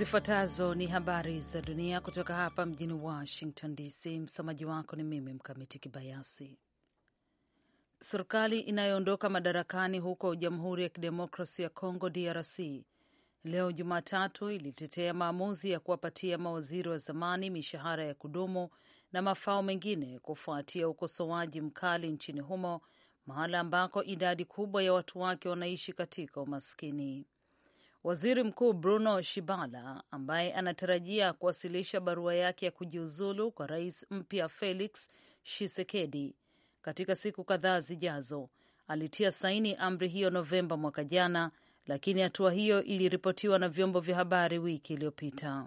Zifuatazo ni habari za dunia kutoka hapa mjini Washington DC. Msomaji wako ni mimi Mkamiti Kibayasi. Serikali inayoondoka madarakani huko Jamhuri ya Kidemokrasi ya Kongo, DRC, leo Jumatatu ilitetea maamuzi ya kuwapatia mawaziri wa zamani mishahara ya kudumu na mafao mengine kufuatia ukosoaji mkali nchini humo, mahala ambako idadi kubwa ya watu wake wanaishi katika umaskini. Waziri Mkuu Bruno Shibala ambaye anatarajia kuwasilisha barua yake ya kujiuzulu kwa rais mpya Felix Tshisekedi katika siku kadhaa zijazo alitia saini amri hiyo Novemba mwaka jana, lakini hatua hiyo iliripotiwa na vyombo vya habari wiki iliyopita.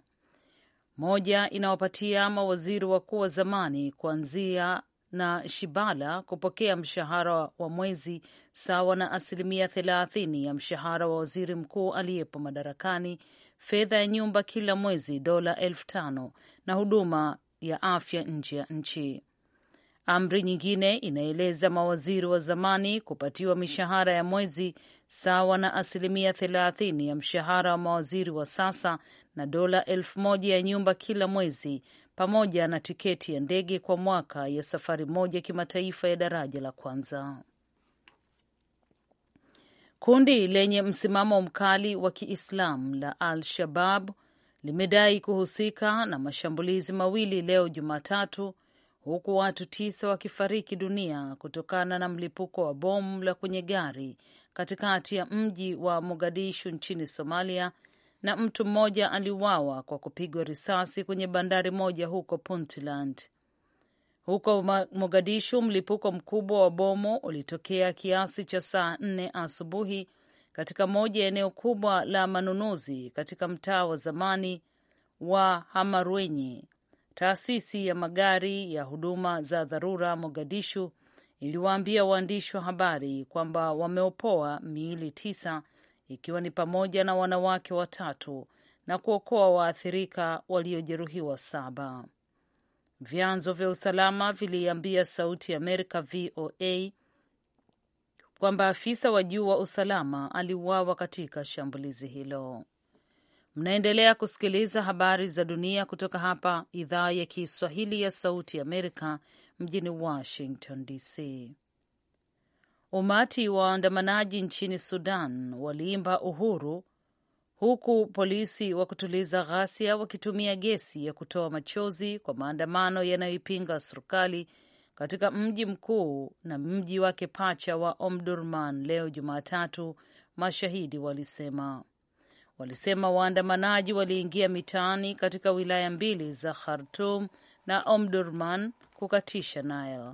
Moja inawapatia mawaziri wakuu wa zamani kuanzia na Shibala kupokea mshahara wa mwezi sawa na asilimia thelathini ya mshahara wa waziri mkuu aliyepo madarakani, fedha ya nyumba kila mwezi dola elfu tano na huduma ya afya nje ya nchi. Amri nyingine inaeleza mawaziri wa zamani kupatiwa mishahara ya mwezi sawa na asilimia thelathini ya mshahara wa mawaziri wa sasa na dola elfu moja ya nyumba kila mwezi pamoja na tiketi ya ndege kwa mwaka ya safari moja kimataifa ya daraja la kwanza. Kundi lenye msimamo mkali wa Kiislamu la Al-Shabab limedai kuhusika na mashambulizi mawili leo Jumatatu, huku watu tisa wakifariki dunia kutokana na mlipuko wa bomu la kwenye gari katikati ya mji wa Mogadishu nchini Somalia na mtu mmoja aliuawa kwa kupigwa risasi kwenye bandari moja huko Puntland. Huko Mogadishu, mlipuko mkubwa wa bomu ulitokea kiasi cha saa nne asubuhi katika moja ya eneo kubwa la manunuzi katika mtaa wa zamani wa Hamarwenye. Taasisi ya magari ya huduma za dharura Mogadishu iliwaambia waandishi wa habari kwamba wameopoa miili tisa ikiwa ni pamoja na wanawake watatu na kuokoa waathirika waliojeruhiwa saba. Vyanzo vya usalama viliambia Sauti ya Amerika VOA kwamba afisa wa juu wa usalama aliuawa katika shambulizi hilo. Mnaendelea kusikiliza habari za dunia kutoka hapa idhaa ya Kiswahili ya Sauti Amerika mjini Washington DC. Umati wa waandamanaji nchini Sudan waliimba uhuru huku polisi wa kutuliza ghasia wakitumia gesi ya kutoa machozi kwa maandamano yanayoipinga serikali katika mji mkuu na mji wake pacha wa Omdurman leo Jumatatu, mashahidi walisema. Walisema waandamanaji waliingia mitaani katika wilaya mbili za Khartum na Omdurman kukatisha Nile.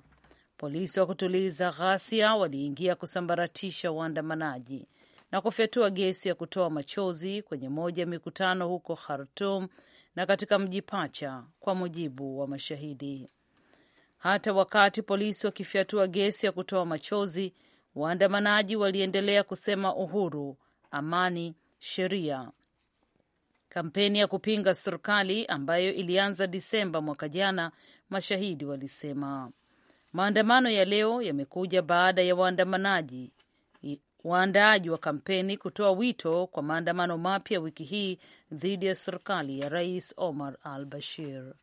Polisi wa kutuliza ghasia waliingia kusambaratisha waandamanaji na kufyatua gesi ya kutoa machozi kwenye moja ya mikutano huko Khartum na katika mji pacha, kwa mujibu wa mashahidi. Hata wakati polisi wakifyatua gesi ya kutoa machozi, waandamanaji waliendelea kusema uhuru, amani, sheria. Kampeni ya kupinga serikali ambayo ilianza Disemba mwaka jana, mashahidi walisema. Maandamano ya leo yamekuja baada ya waandamanaji waandaaji wa kampeni kutoa wito kwa maandamano mapya wiki hii dhidi ya serikali ya Rais Omar al Bashir.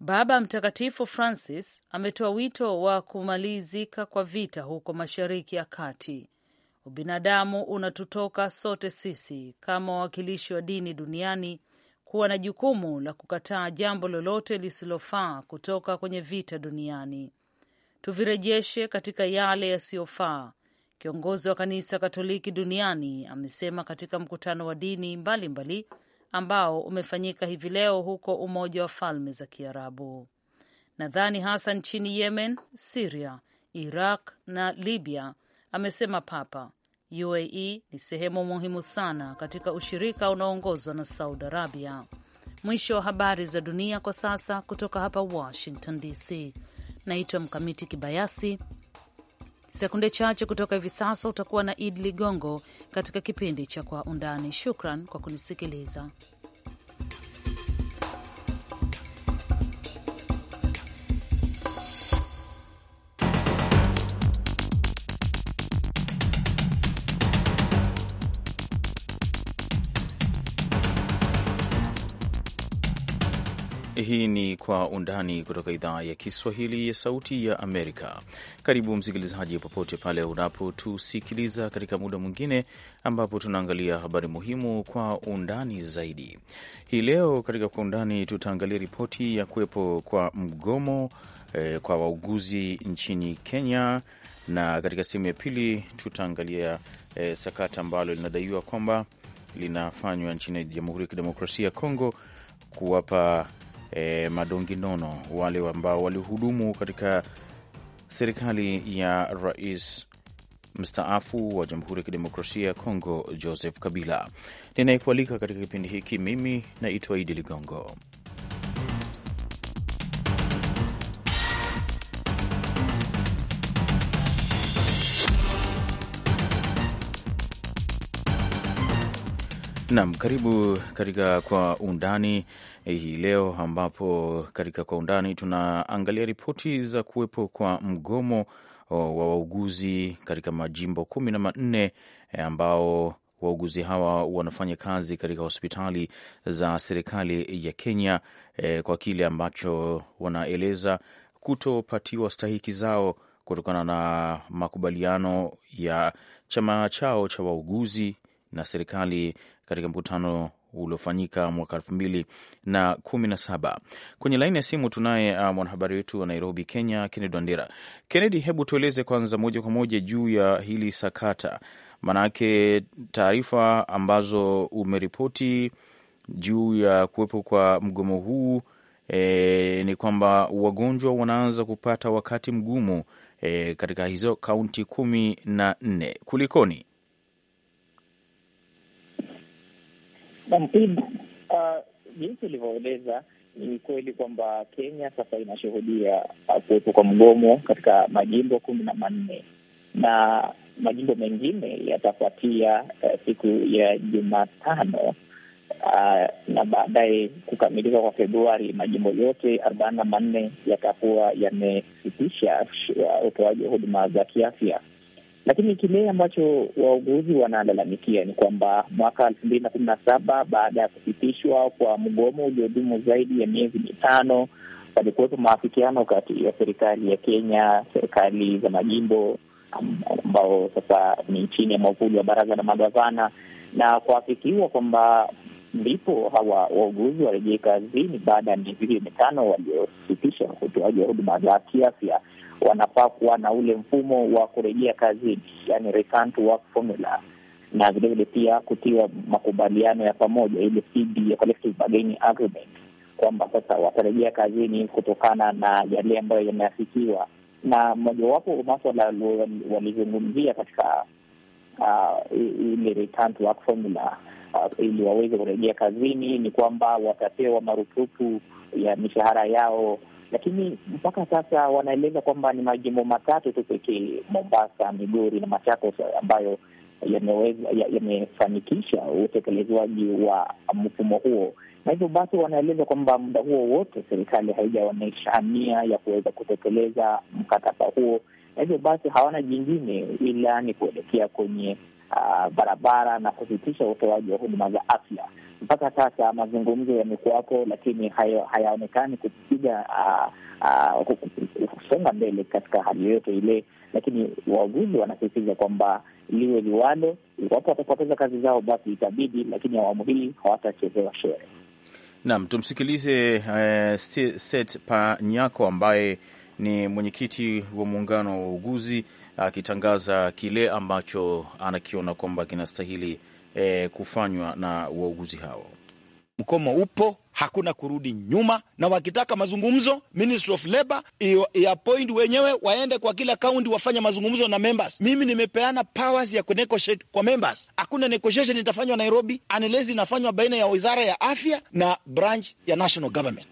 Baba Mtakatifu Francis ametoa wito wa kumalizika kwa vita huko Mashariki ya Kati. Ubinadamu unatutoka sote sisi kama wawakilishi wa dini duniani kuwa na jukumu la kukataa jambo lolote lisilofaa kutoka kwenye vita duniani. Tuvirejeshe katika yale yasiyofaa, kiongozi wa kanisa Katoliki duniani amesema katika mkutano wa dini mbalimbali mbali ambao umefanyika hivi leo huko Umoja wa Falme za Kiarabu. Nadhani hasa nchini Yemen, Siria, Iraq na Libya, amesema Papa. UAE ni sehemu muhimu sana katika ushirika unaoongozwa na Saudi Arabia. Mwisho wa habari za dunia kwa sasa, kutoka hapa Washington DC. Naitwa Mkamiti Kibayasi. Sekunde chache kutoka hivi sasa utakuwa na Idi Ligongo katika kipindi cha Kwa Undani. Shukran kwa kunisikiliza. Kwa Undani kutoka idhaa ya Kiswahili ya Sauti ya Amerika. Karibu msikilizaji, popote pale unapotusikiliza katika muda mwingine ambapo tunaangalia habari muhimu kwa undani zaidi. Hii leo katika Kwa Undani tutaangalia ripoti ya kuwepo kwa mgomo eh, kwa wauguzi nchini Kenya, na katika sehemu ya pili tutaangalia eh, sakata ambalo linadaiwa kwamba linafanywa nchini Jamhuri ya Kidemokrasia ya Kongo kuwapa e, eh, madonginono wale ambao walihudumu katika serikali ya rais mstaafu wa Jamhuri ya Kidemokrasia ya Kongo Joseph Kabila. Ninayekualika katika kipindi hiki mimi naitwa Idi Ligongo. Naam, karibu katika Kwa Undani eh, hii leo, ambapo katika Kwa Undani tunaangalia ripoti za kuwepo kwa mgomo wa wauguzi katika majimbo kumi na manne eh, ambao wauguzi hawa wanafanya kazi katika hospitali za serikali ya Kenya eh, kwa kile ambacho wanaeleza kutopatiwa stahiki zao kutokana na makubaliano ya chama chao cha wauguzi na serikali katika mkutano uliofanyika mwaka elfu mbili na kumi na saba. Kwenye laini ya simu tunaye uh, mwanahabari wetu wa Nairobi, Kenya, Kennedy Wandera. Kennedy, hebu tueleze kwanza moja kwa moja juu ya hili sakata, maanake taarifa ambazo umeripoti juu ya kuwepo kwa mgomo huu e, ni kwamba wagonjwa wanaanza kupata wakati mgumu e, katika hizo kaunti kumi na nne. Kulikoni? Nampib, jinsi ulivyoeleza ni kweli kwamba Kenya sasa inashuhudia uh, kuwepo kwa mgomo katika majimbo kumi na manne na majimbo mengine yatafuatia uh, siku ya Jumatano uh, na baadaye kukamilika kwa Februari, majimbo yote arobaini na manne yatakuwa yamesitisha uh, utoaji wa huduma za kiafya. Lakini kile ambacho wauguzi wanalalamikia ni kwamba mwaka elfu mbili na kumi na saba baada ya kupitishwa kwa mgomo uliodumu zaidi ya miezi mitano, palikuwepo maafikiano kati ya serikali ya Kenya, serikali za majimbo ambao sasa ni chini ya mwavuli wa baraza la magavana, na kuafikiwa kwamba ndipo hawa wauguzi warejee kazini baada ya miezi hiyo mitano waliositisha utoaji wa huduma za kiafya wanafaa kuwa na ule mfumo wa kurejea kazini, yani return to work formula, na vilevile pia kutiwa makubaliano ya pamoja, ile CBA, collective bargaining agreement, kwamba sasa watarejea kazini kutokana na yale ambayo yameafikiwa. Na mojawapo maswala walizungumzia katika uh, ile return to work formula uh, ili waweze kurejea kazini ni kwamba watapewa marupurupu ya mishahara yao lakini mpaka sasa wanaeleza kwamba ni majimbo matatu tu pekee, Mombasa, Migori na Machakos, ambayo yamefanikisha ya, ya utekelezwaji wa mfumo huo, na hivyo basi wanaeleza kwamba muda huo wote serikali haijaonyesha nia ya kuweza kutekeleza mkataba huo, na hivyo basi hawana jingine ila ni kuelekea kwenye uh, barabara na kusitisha utoaji wa huduma za afya. Mpaka sasa mazungumzo yamekuwapo, lakini hayaonekani haya kupiga uh, uh, kusonga mbele katika hali yoyote ile, lakini wauguzi wanasisitiza kwamba liwe liwalo, iwapo watapoteza kazi zao basi itabidi, lakini awamu hii hawatachezewa shere. Naam, tumsikilize uh, eh, Set Panyako ambaye ni mwenyekiti wa muungano wa uguzi akitangaza kile ambacho anakiona kwamba kinastahili e, kufanywa na wauguzi hao. Mkomo upo, hakuna kurudi nyuma, na wakitaka mazungumzo, Ministry of Labor iapoint wenyewe, waende kwa kila kaunti wafanye mazungumzo na members. Mimi nimepeana powers ya kunegotiate kwa members. Hakuna negotiation itafanywa Nairobi unless inafanywa baina ya wizara ya afya na branch ya national government.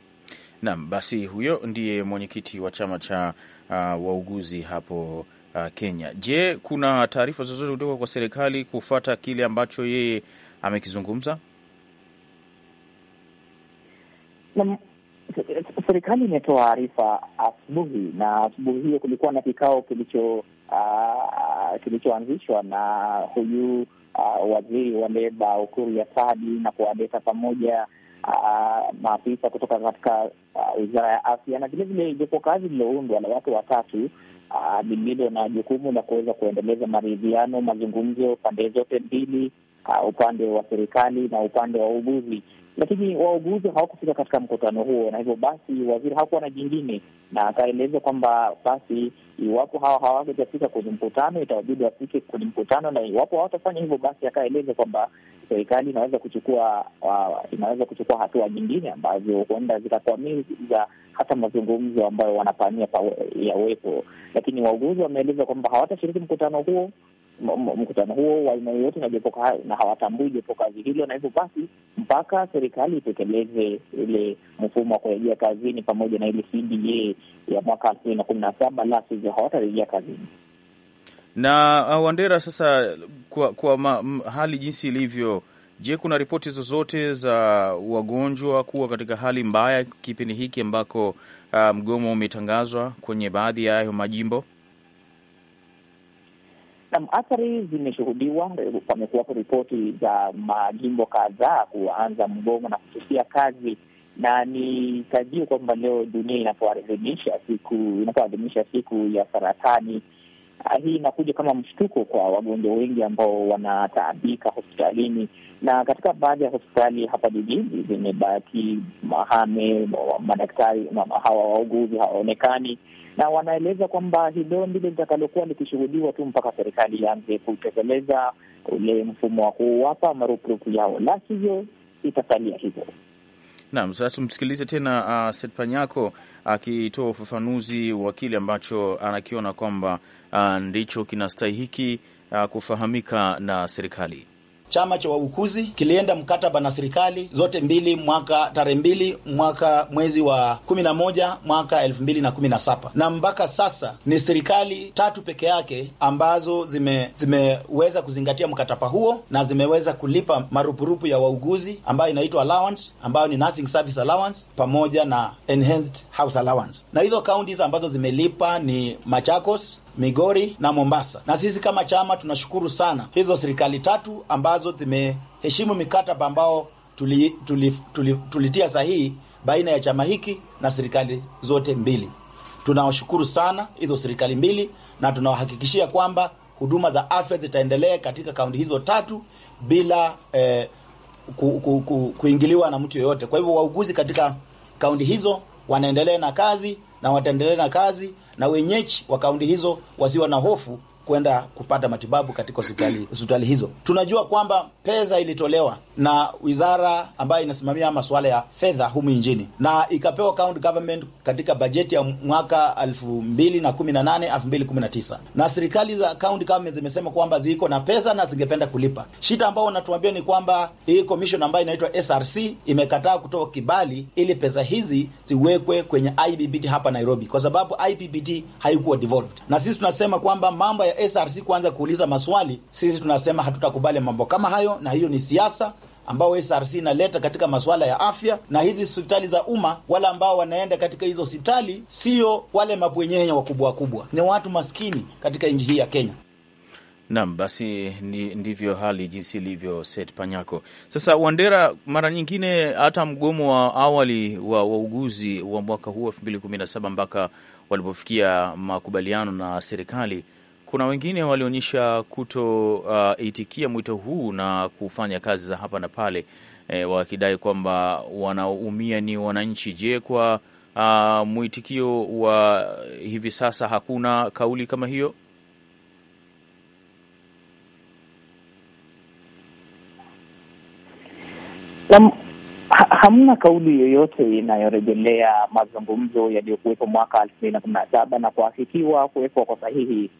Naam, basi huyo ndiye mwenyekiti wa chama cha uh, wauguzi hapo uh, Kenya. Je, kuna taarifa zozote kutoka kwa serikali kufuata kile ambacho yeye amekizungumza? Serikali imetoa arifa asubuhi, na asubuhi hiyo kulikuwa na kikao kilicho uh, kilichoanzishwa na huyu uh, waziri wa leba Ukuru sadi na kuwaleta pamoja uh, maafisa kutoka katika uh, wizara uh, ya afya na vilevile jopo kazi lililoundwa la watu watatu lililo ah, na jukumu la kuweza kuendeleza maridhiano, mazungumzo pande zote mbili, ah, upande wa serikali na upande wa wauguzi lakini wauguzi hawakufika katika mkutano huo, na hivyo basi waziri hakuwa na jingine, na akaeleza kwamba basi iwapo hawa hawatafika kwenye mkutano itawabidi wafike kwenye mkutano, na iwapo hawatafanya hivyo, basi akaeleza kwamba serikali inaweza kuchukua uh, inaweza kuchukua hatua nyingine ambazo huenda zitakwamiza hata mazungumzo ambayo wanapania yawepo, lakini wauguzi wameeleza kwamba hawatashiriki mkutano huo mkutano huo wa aina yoyote na jopoka na hawatambui jopo kazi hilo, na hivyo basi mpaka serikali itekeleze ile mfumo wa kurejea kazini pamoja na ile CBA ya mwaka elfu mbili na kumi na saba la sivyo hawatarejea kazini. Na uh, Wandera, sasa kwa, kwa ma, m, hali jinsi ilivyo Je, kuna ripoti zozote za wagonjwa kuwa katika hali mbaya kipindi hiki ambako uh, mgomo umetangazwa kwenye baadhi ya hayo majimbo? Nam, athari zimeshuhudiwa. Pamekuwapo ripoti za majimbo kadhaa kuanza mgomo na kususia kazi, na ni tajio kwamba leo dunia inapoadhimisha siku inapoadhimisha siku ya saratani Ah, hii inakuja kama mshtuko kwa wagonjwa wengi ambao wanataabika hospitalini, na katika baadhi ya hospitali hapa jijini zimebaki mahame, madaktari hawa wauguzi hawaonekani, na wanaeleza kwamba hilo ndilo litakalokuwa likishuhudiwa tu mpaka serikali ianze kutekeleza ule mfumo wa kuwapa marupurupu yao, la sivyo itasalia hivyo. Naam, sasa tumsikilize tena uh, Setpanyako akitoa uh, ufafanuzi wa kile ambacho anakiona kwamba uh, ndicho kinastahiki uh, kufahamika na serikali chama cha wauguzi kilienda mkataba na serikali zote mbili mwaka tarehe mbili mwaka mwezi wa 11 mwaka 2017 na mpaka sasa ni serikali tatu peke yake ambazo zime zimeweza kuzingatia mkataba huo na zimeweza kulipa marupurupu ya wauguzi ambayo inaitwa allowance ambayo ni nursing service allowance pamoja na enhanced house allowance. Na hizo kaunti ambazo zimelipa ni Machakos Migori na Mombasa. Na sisi kama chama tunashukuru sana hizo serikali tatu ambazo zimeheshimu mikataba ambao tulitia tuli, tuli, tuli sahihi baina ya chama hiki na serikali zote mbili. Tunawashukuru sana hizo serikali mbili, na tunawahakikishia kwamba huduma za afya zitaendelea katika kaunti hizo tatu bila eh, ku, ku, ku, kuingiliwa na mtu yoyote. Kwa hivyo wauguzi katika kaunti hizo wanaendelea na kazi na wataendelea na kazi na wenyeji wa kaunti hizo wasiwa na hofu kwenda kupata matibabu katika hospitali hospitali hizo. Tunajua kwamba pesa ilitolewa na wizara ambayo inasimamia masuala ya fedha humu nchini na ikapewa county government katika bajeti ya mwaka 2018 2019, na serikali za county government zimesema kwamba ziko na pesa na zingependa kulipa. Shida ambayo wanatuambia ni kwamba hii commission ambayo inaitwa SRC imekataa kutoa kibali ili pesa hizi ziwekwe kwenye IBBT hapa Nairobi, kwa sababu IBBT haikuwa devolved, na sisi tunasema kwamba mambo ya SRC kuanza kuuliza maswali, sisi tunasema hatutakubali mambo kama hayo, na hiyo ni siasa ambao SRC inaleta katika masuala ya afya na hizi hospitali za umma. Wale ambao wanaenda katika hizo hospitali sio wale mabwenyenye wakubwa wakubwa, ni watu maskini katika nchi hii ya Kenya. Naam, basi ni, ndivyo hali jinsi ilivyo. Set Panyako, sasa Wandera, mara nyingine hata mgomo wa awali wa wauguzi wa mwaka huu elfu mbili kumi na saba mpaka walipofikia makubaliano na serikali kuna wengine walionyesha kutoitikia uh, mwito huu na kufanya kazi za hapa na pale e, wakidai kwamba wanaumia ni wananchi. Je, kwa uh, mwitikio wa hivi sasa hakuna kauli kama hiyo? ha, hamna kauli yoyote inayorejelea mazungumzo yaliyokuwepo mwaka elfu mbili na kumi na saba na kuafikiwa kuwekwa kwa sahihi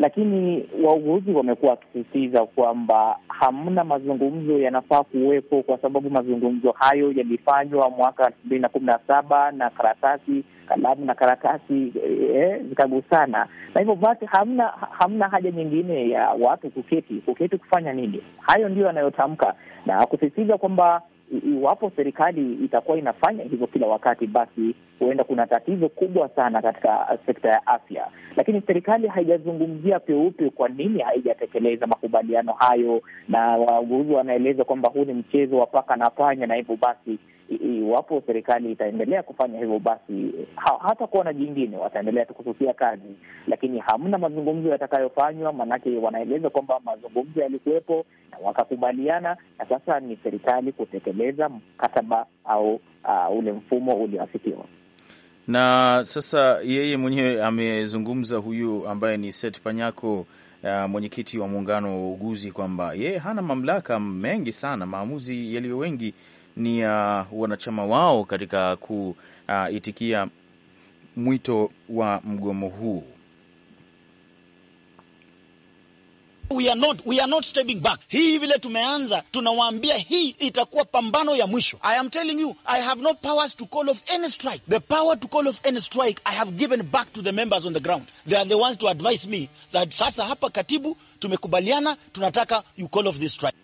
lakini wauguzi wamekuwa wakisisitiza kwamba hamna mazungumzo yanafaa kuwepo, kwa sababu mazungumzo hayo yalifanywa mwaka elfu mbili na kumi na saba na karatasi kalamu na karatasi eh, eh zikagusana, na hivyo basi hamna hamna haja nyingine ya watu kuketi kuketi kufanya nini. Hayo ndiyo yanayotamka na kusisitiza kwamba iwapo serikali itakuwa inafanya hivyo kila wakati, basi huenda kuna tatizo kubwa sana katika sekta ya afya. Lakini serikali haijazungumzia peupe kwa nini haijatekeleza makubaliano hayo, na wauguzi wanaeleza kwamba huu ni mchezo wa paka na panya, na hivyo basi iwapo serikali itaendelea kufanya hivyo, basi eh, ha, hata kuona jingine, wataendelea tu kususia kazi, lakini hamna mazungumzo yatakayofanywa. Maanake wanaeleza kwamba mazungumzo yalikuwepo na wakakubaliana, na sasa ni serikali kutekeleza mkataba au uh, ule mfumo ulioafikiwa na sasa yeye mwenyewe amezungumza huyu ambaye ni Seth Panyako, uh, mwenyekiti wa muungano wa uuguzi, kwamba yeye hana mamlaka mengi sana, maamuzi yaliyo wengi ni ya uh, wanachama wao katika kuitikia uh, mwito wa mgomo huu. We are not, we are not stepping back. Hii vile tumeanza tunawaambia hii itakuwa pambano ya mwisho. I am telling you, I have no powers to call off any strike. The power to call off any strike I have given back to the members on the ground. They are the ones to advise me that sasa hapa katibu tumekubaliana tunataka you call off this strike.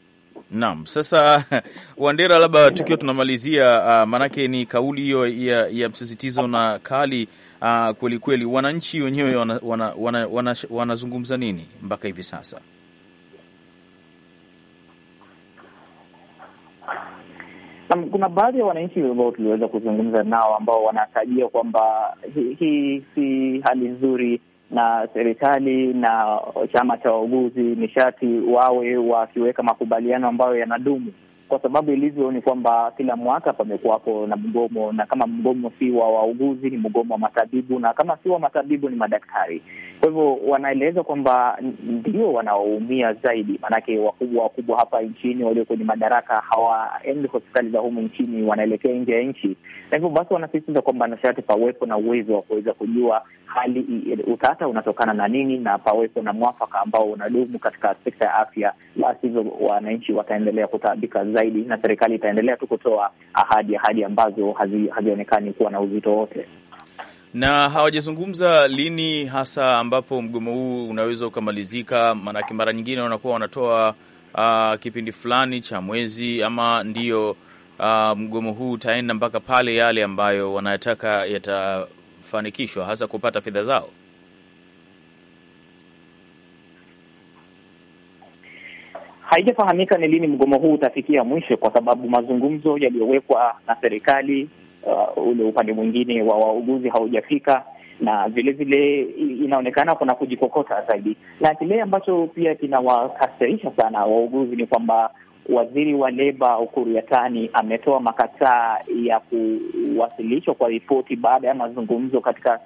Naam, sasa Wandera, labda tukiwa tunamalizia uh, maanake ni kauli hiyo ya, ya msisitizo na kali uh, kweli kweli, wananchi wenyewe wanazungumza wana, wana, wana, wana nini mpaka hivi sasa? kuna baadhi ya wananchi ambao tuliweza kuzungumza nao ambao wanatajia kwamba hii hi, si hali nzuri na serikali na chama cha wauguzi nishati wawe wakiweka makubaliano ambayo yanadumu kwa sababu ilivyo ni kwamba kila mwaka pamekuwapo na mgomo, na kama mgomo si wa wauguzi ni mgomo wa matabibu, na kama si wa matabibu ni madaktari. Kwa hivyo wanaeleza kwamba ndio wanaoumia zaidi, maanake wakubwa wakubwa hapa nchini walio kwenye madaraka hawaendi hospitali za humu nchini, wanaelekea nje ya nchi, na hivyo basi wanasisitiza kwamba nashati pawepo na uwezo wa kuweza kujua hali utata unatokana na nini na pawepo na mwafaka ambao unadumu katika sekta ya afya, la sivyo wananchi wataendelea kutaabika zaidi, na serikali itaendelea tu kutoa ahadi ahadi ambazo hazionekani kuwa na uzito wote na hawajazungumza lini hasa ambapo mgomo huu unaweza ukamalizika. Maanake mara nyingine wanakuwa wanatoa uh, kipindi fulani cha mwezi ama ndiyo, uh, ah, mgomo huu utaenda mpaka pale yale ambayo wanayataka yatafanikishwa, hasa kupata fedha zao. Haijafahamika ni lini mgomo huu utafikia mwisho, kwa sababu mazungumzo yaliyowekwa na serikali, uh, ule upande mwingine wa wauguzi haujafika na vile vile inaonekana kuna kujikokota zaidi, na kile ambacho pia kinawakasirisha sana wauguzi ni kwamba waziri wa leba Ukuru Yatani ametoa makataa ya kuwasilishwa kwa ripoti baada ya mazungumzo katika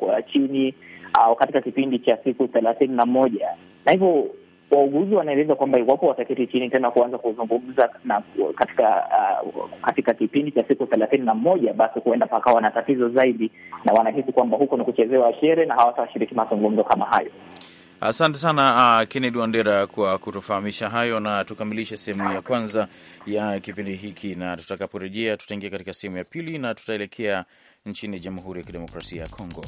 uh, chini au uh, katika kipindi cha siku thelathini na moja na hivyo Wauguzi wanaeleza kwamba iwapo wataketi chini tena kuanza kuzungumza na katika uh, katika kipindi cha siku thelathini na moja basi huenda pakawa na tatizo zaidi, na wanahisi kwamba huko ni kuchezewa shere na hawatashiriki mazungumzo kama hayo. Asante sana uh, Kennedy Wandera kwa kutufahamisha hayo, na tukamilishe sehemu ya kwanza ya kipindi hiki, na tutakaporejea tutaingia katika sehemu ya pili na tutaelekea nchini Jamhuri ya Kidemokrasia ya Kongo.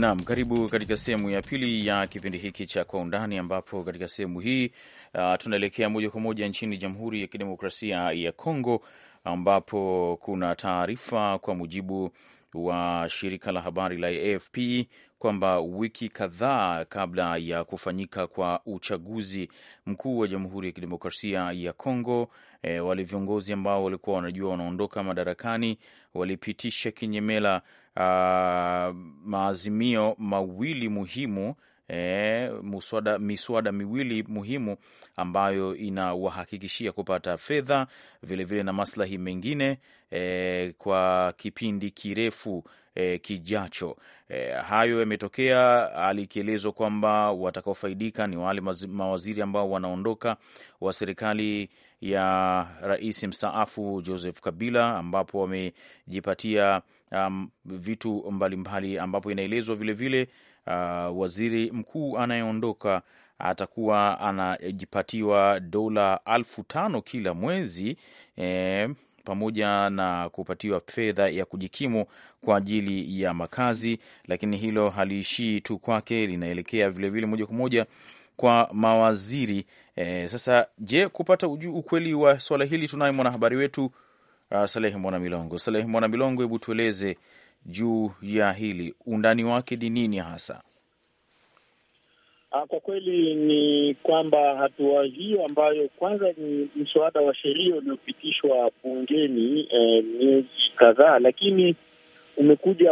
Naam, karibu katika sehemu ya pili ya kipindi hiki cha Kwa Undani, ambapo katika sehemu hii uh, tunaelekea moja kwa moja nchini Jamhuri ya Kidemokrasia ya Kongo, ambapo kuna taarifa kwa mujibu wa shirika la habari la AFP kwamba wiki kadhaa kabla ya kufanyika kwa uchaguzi mkuu wa Jamhuri ya Kidemokrasia ya Kongo, e, wale viongozi ambao walikuwa wanajua wanaondoka madarakani walipitisha kinyemela uh, maazimio mawili muhimu eh, muswada, miswada miwili muhimu ambayo inawahakikishia kupata fedha vilevile na maslahi mengine eh, kwa kipindi kirefu eh, kijacho. Eh, hayo yametokea, alikielezwa kwamba watakaofaidika ni wale mawaziri ambao wanaondoka wa serikali ya rais mstaafu Joseph Kabila ambapo wamejipatia um, vitu mbalimbali mbali, ambapo inaelezwa vilevile uh, waziri mkuu anayeondoka atakuwa anajipatiwa dola alfu tano kila mwezi eh, pamoja na kupatiwa fedha ya kujikimu kwa ajili ya makazi, lakini hilo haliishii tu kwake, linaelekea vilevile moja kwa moja kwa mawaziri e. Sasa je, kupata uju, ukweli wa swala hili tunaye mwanahabari wetu uh, Salehe saleh Salehe milongo hebu tueleze juu ya hili, undani wake ni nini hasa? Ah, kwa kweli ni kwamba hatua hiyo ambayo kwanza ni mswada wa sheria uliopitishwa bungeni eh, miezi eh, kadhaa, lakini umekuja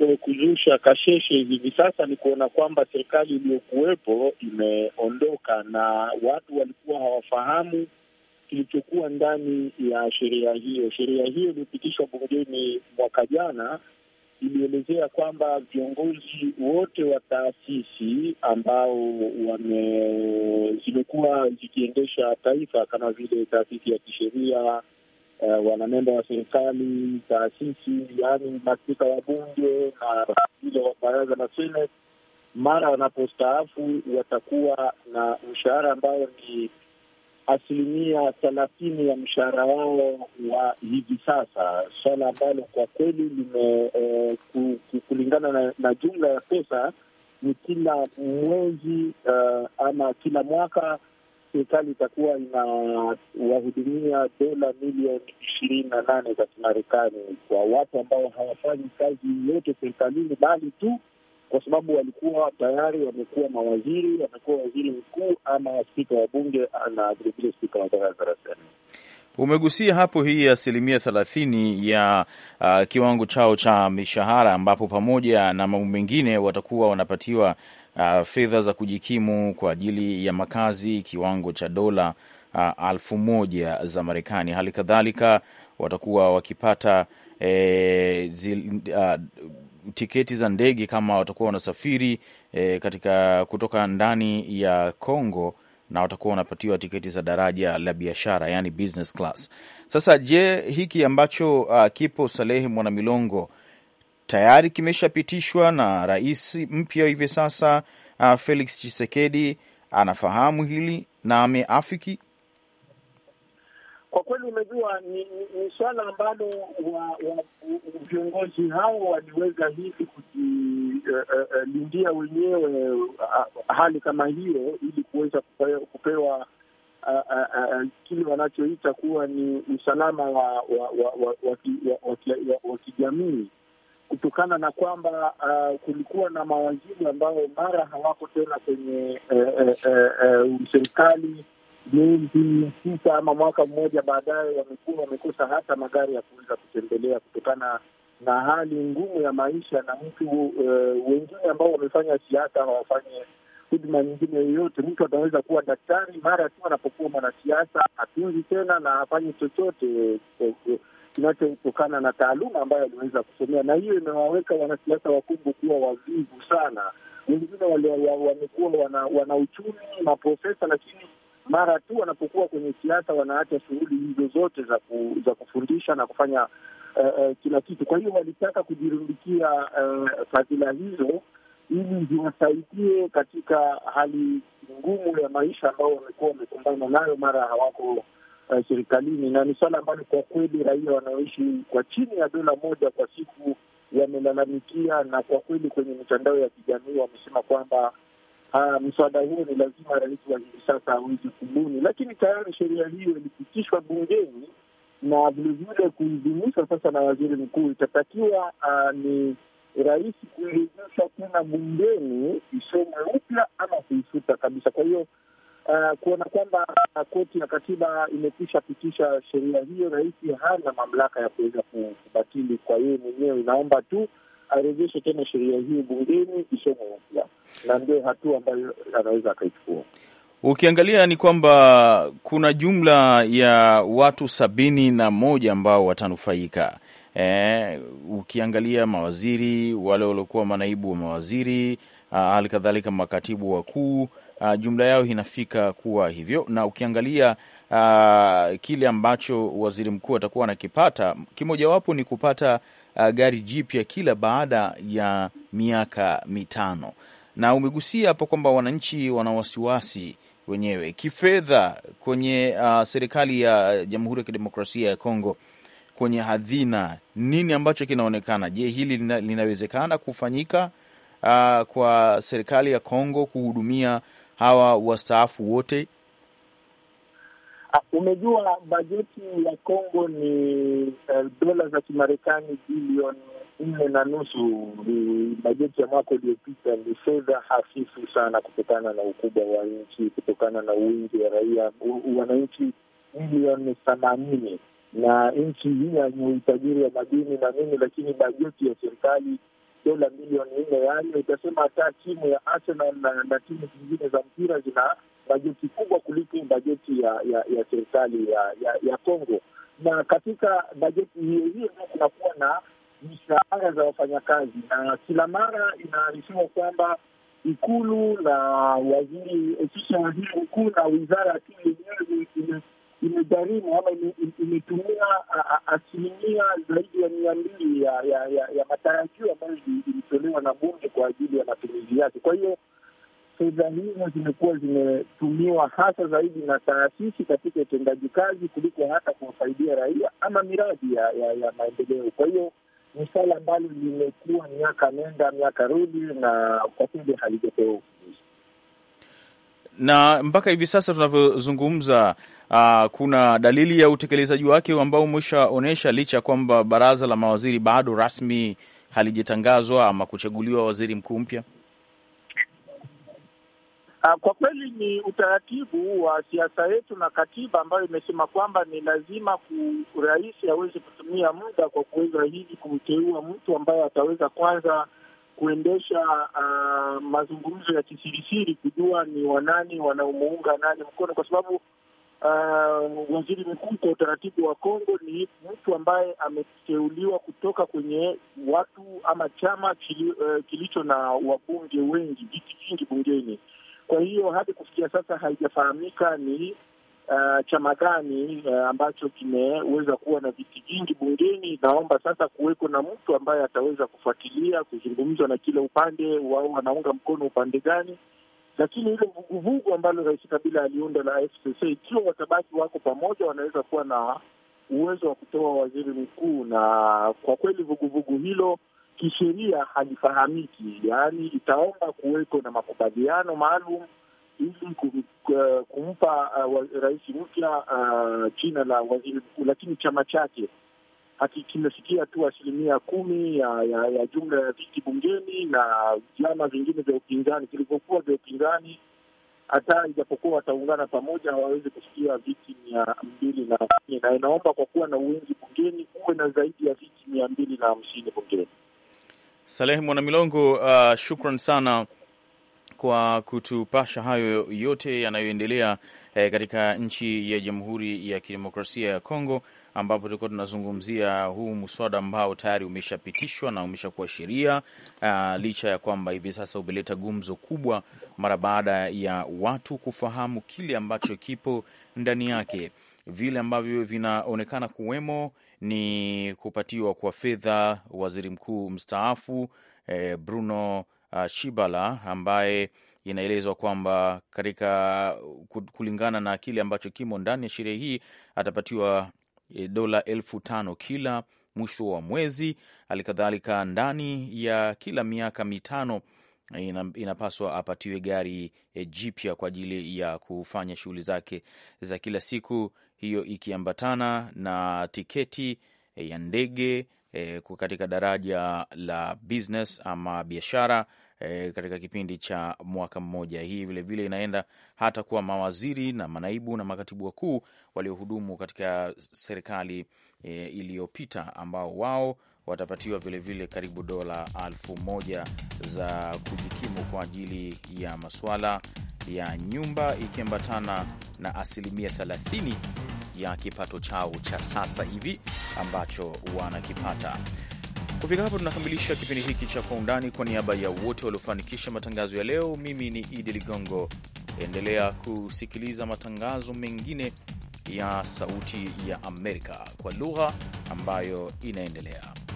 eh, kuzusha kasheshe hivi sasa ni kuona kwamba serikali iliyokuwepo imeondoka, na watu walikuwa hawafahamu kilichokuwa ndani ya sheria hiyo. Sheria hiyo iliyopitishwa bungeni mwaka jana ilielezea kwamba viongozi wote wa taasisi ambao wame zimekuwa zikiendesha taifa kama vile taasisi ya kisheria uh, wanamemba wa serikali, taasisi, yaani maspika wa bunge na vile wa baraza la seneti, mara wanapostaafu watakuwa na mshahara ambao ni asilimia thelathini ya mshahara wao wa hivi sasa, swala ambalo kwa kweli lime eh, kulingana na, na jumla ya pesa ni kila mwezi uh, ama kila mwaka serikali itakuwa inawahudumia dola milioni ishirini na nane za Kimarekani kwa watu ambao hawafanyi kazi yote serikalini, bali tu kwa sababu walikuwa tayari wamekuwa mawaziri, wamekuwa waziri mkuu ama spika wa bunge na vilevile spika wa baraza la Seneti. Umegusia hapo hii asilimia thelathini ya uh, kiwango chao cha mishahara ambapo pamoja na mambo mengine watakuwa wanapatiwa uh, fedha za kujikimu kwa ajili ya makazi kiwango cha dola uh, alfu moja za Marekani. Hali kadhalika watakuwa wakipata eh, zil, uh, tiketi za ndege kama watakuwa wanasafiri eh, katika kutoka ndani ya congo na watakuwa wanapatiwa tiketi za daraja la biashara yani business class. Sasa je, hiki ambacho uh, kipo Salehe Mwanamilongo tayari kimeshapitishwa na rais mpya hivi sasa uh, Felix Chisekedi anafahamu hili na ameafiki. Kwa kweli, umejua ni, ni, ni swala ambalo viongozi hao waliweza hivi kujilindia eh, eh, eh, uh, uh, wenyewe uh, hali kama hiyo ili kuweza kupewa, kupewa uh, uh, uh, kile wanachoita kuwa ni usalama wa kijamii kutokana na kwamba uh, kulikuwa na mawaziri ambao mara hawako tena kwenye eh, eh, eh, serikali uh, uh, uh, miezi sita ama mwaka mmoja baadaye, wamekuwa wamekosa hata magari ya kuweza kutembelea kutokana na hali ngumu ya maisha, na mtu uh, wengine ambao wamefanya siasa hawafanye huduma nyingine yoyote. Mtu ataweza kuwa daktari, mara tu anapokuwa mwanasiasa atunzi tena na afanye chochote kinachotokana na taaluma ambayo aliweza kusomea, na hiyo imewaweka wanasiasa wakubwa kuwa wavivu sana. Wengine wamekuwa wana, wana uchumi maprofesa, lakini mara tu wanapokuwa kwenye siasa wanaacha shughuli hizo zote za, ku, za kufundisha na kufanya uh, uh, kila kitu. Kwa hiyo walitaka kujirundikia uh, fadhila hizo ili ziwasaidie katika hali ngumu ya maisha ambao wamekuwa wamekumbana nayo mara hawako uh, serikalini, na ni swala ambalo kwa kweli raia wanaoishi kwa chini ya dola moja kwa siku wamelalamikia, na kwa kweli kwenye mitandao ya kijamii wamesema kwamba uh, mswada huo ni lazima rais wa hivi sasa aweze kubuni, lakini tayari sheria hiyo ilipitishwa bungeni na vilevile kuidhinishwa sasa na waziri mkuu. Itatakiwa uh, ni rais kuirejeshwa tena bungeni isomwe upya ama kuifuta kabisa. Kwa hiyo uh, kuona kwamba koti ya katiba imekwisha pitisha sheria hiyo, rais hana mamlaka ya kuweza kubatili kwa yeye mwenyewe. Inaomba tu arejeshe tena sheria hiyo bungeni isomo upya, na ndio hatua ambayo anaweza akaichukua. Ukiangalia ni kwamba kuna jumla ya watu sabini na moja ambao watanufaika. E, ukiangalia mawaziri wale waliokuwa manaibu wa mawaziri, ah, hali kadhalika makatibu wakuu uh, jumla yao inafika kuwa hivyo, na ukiangalia uh, kile ambacho waziri mkuu atakuwa anakipata, kimojawapo ni kupata uh, gari jipya kila baada ya miaka mitano, na umegusia hapo kwamba wananchi wana wasiwasi wenyewe kifedha kwenye uh, serikali ya Jamhuri ya Kidemokrasia ya Kongo kwenye hadhina, nini ambacho kinaonekana? Je, hili lina, linawezekana kufanyika uh, kwa serikali ya Kongo kuhudumia hawa wastaafu wote? Ah, umejua, bajeti ya Kongo ni eh, dola za Kimarekani bilioni nne na nusu. Ni bajeti ya mwaka uliopita, ni fedha hafifu sana kutokana na ukubwa wa nchi, kutokana na wingi wa raia, wananchi milioni themanini na nchi hii yenye utajiri wa madini na nini, lakini bajeti ya serikali dola milioni nne. Yaani utasema hata timu ya Arsenal na, na timu zingine za mpira zina bajeti kubwa kuliko bajeti ya ya, ya serikali ya, ya ya Kongo, na katika bajeti hiyo hiyo ndio kunakuwa na mishahara za wafanyakazi, na kila mara inaarifiwa kwamba ikulu na waziri ofisi ya waziri mkuu na wizara ya kiu yenyewe imegharimu ama imetumia asilimia zaidi ya mia mbili ya, ya, ya, ya matarajio ambayo ilitolewa na bunge kwa ajili ya matumizi yake. Kwa hiyo fedha hizo zimekuwa zimetumiwa hasa zaidi na taasisi katika utendaji kazi kuliko hata kuwasaidia raia ama miradi ya, ya, ya maendeleo. Kwa hiyo ni swala ambalo limekuwa miaka nenda miaka rudi, na kwa kweli halijatoa na mpaka hivi sasa tunavyozungumza, uh, kuna dalili ya utekelezaji wake ambao umeshaonyesha, licha ya kwamba baraza la mawaziri bado rasmi halijatangazwa ama kuchaguliwa waziri mkuu mpya. Ah, kwa kweli ni utaratibu wa siasa yetu na katiba ambayo imesema kwamba ni lazima rais aweze kutumia muda kwa kuweza hivi kumteua mtu ambaye ataweza kwanza kuendesha uh, mazungumzo ya kisirisiri kujua ni wanani wanaomuunga nani mkono, kwa sababu uh, waziri mkuu kwa utaratibu wa Kongo ni mtu ambaye ameteuliwa kutoka kwenye watu ama chama chili, uh, kilicho na wabunge wengi, viti vingi bungeni. Kwa hiyo hadi kufikia sasa haijafahamika ni uh, chama gani uh, ambacho kimeweza kuwa na viti vingi bungeni. Naomba sasa kuweko na mtu ambaye ataweza kufuatilia kuzungumza na kila upande, wao wanaunga mkono upande gani. Lakini ile vuguvugu ambalo Rais Kabila aliunda la FCC, ikiwa watabaki wako pamoja, wanaweza kuwa na uwezo wa kutoa waziri mkuu. Na kwa kweli vuguvugu hilo kisheria halifahamiki, yaani itaomba kuweko na makubaliano maalum ili eh, kumpa uh, rais mpya uh, jina la waziri mkuu, lakini chama chake kimefikia tu asilimia kumi ya, ya, ya jumla ya viti bungeni na vyama vingine vya upinzani vilivyokuwa vya upinzani hata ijapokuwa wataungana pamoja hawawezi kufikia viti mia mbili na hamsini na inaomba kwa kuwa na uwingi bungeni kuwe na zaidi ya viti mia mbili na hamsini bungeni. Salehe Mwanamilongo, uh, shukran sana kwa kutupasha hayo yote yanayoendelea eh, katika nchi ya Jamhuri ya Kidemokrasia ya Kongo, ambapo tulikuwa tunazungumzia huu mswada ambao tayari umeshapitishwa na umeshakuwa sheria, ah, licha ya kwamba hivi sasa umeleta gumzo kubwa mara baada ya watu kufahamu kile ambacho kipo ndani yake. Vile ambavyo vinaonekana kuwemo ni kupatiwa kwa fedha waziri mkuu mstaafu eh, Bruno uh, Shibala ambaye inaelezwa kwamba katika kulingana na kile ambacho kimo ndani ya sheria hii atapatiwa e, dola elfu tano kila mwisho wa mwezi. Halikadhalika, ndani ya kila miaka mitano eh, inapaswa apatiwe gari e, jipya kwa ajili ya kufanya shughuli zake za kila siku, hiyo ikiambatana na tiketi e, ya ndege eh, katika daraja la business ama biashara e, katika kipindi cha mwaka mmoja. Hii vilevile vile inaenda hata kuwa mawaziri na manaibu na makatibu wakuu waliohudumu katika serikali e, iliyopita ambao wao watapatiwa vilevile vile karibu dola elfu moja za kujikimu kwa ajili ya masuala ya nyumba ikiambatana na asilimia 30 ya kipato chao cha sasa hivi ambacho wanakipata. Kufika hapo tunakamilisha kipindi hiki cha Kwa Undani. Kwa niaba ya wote waliofanikisha matangazo ya leo, mimi ni Idi Ligongo. Endelea kusikiliza matangazo mengine ya Sauti ya Amerika kwa lugha ambayo inaendelea.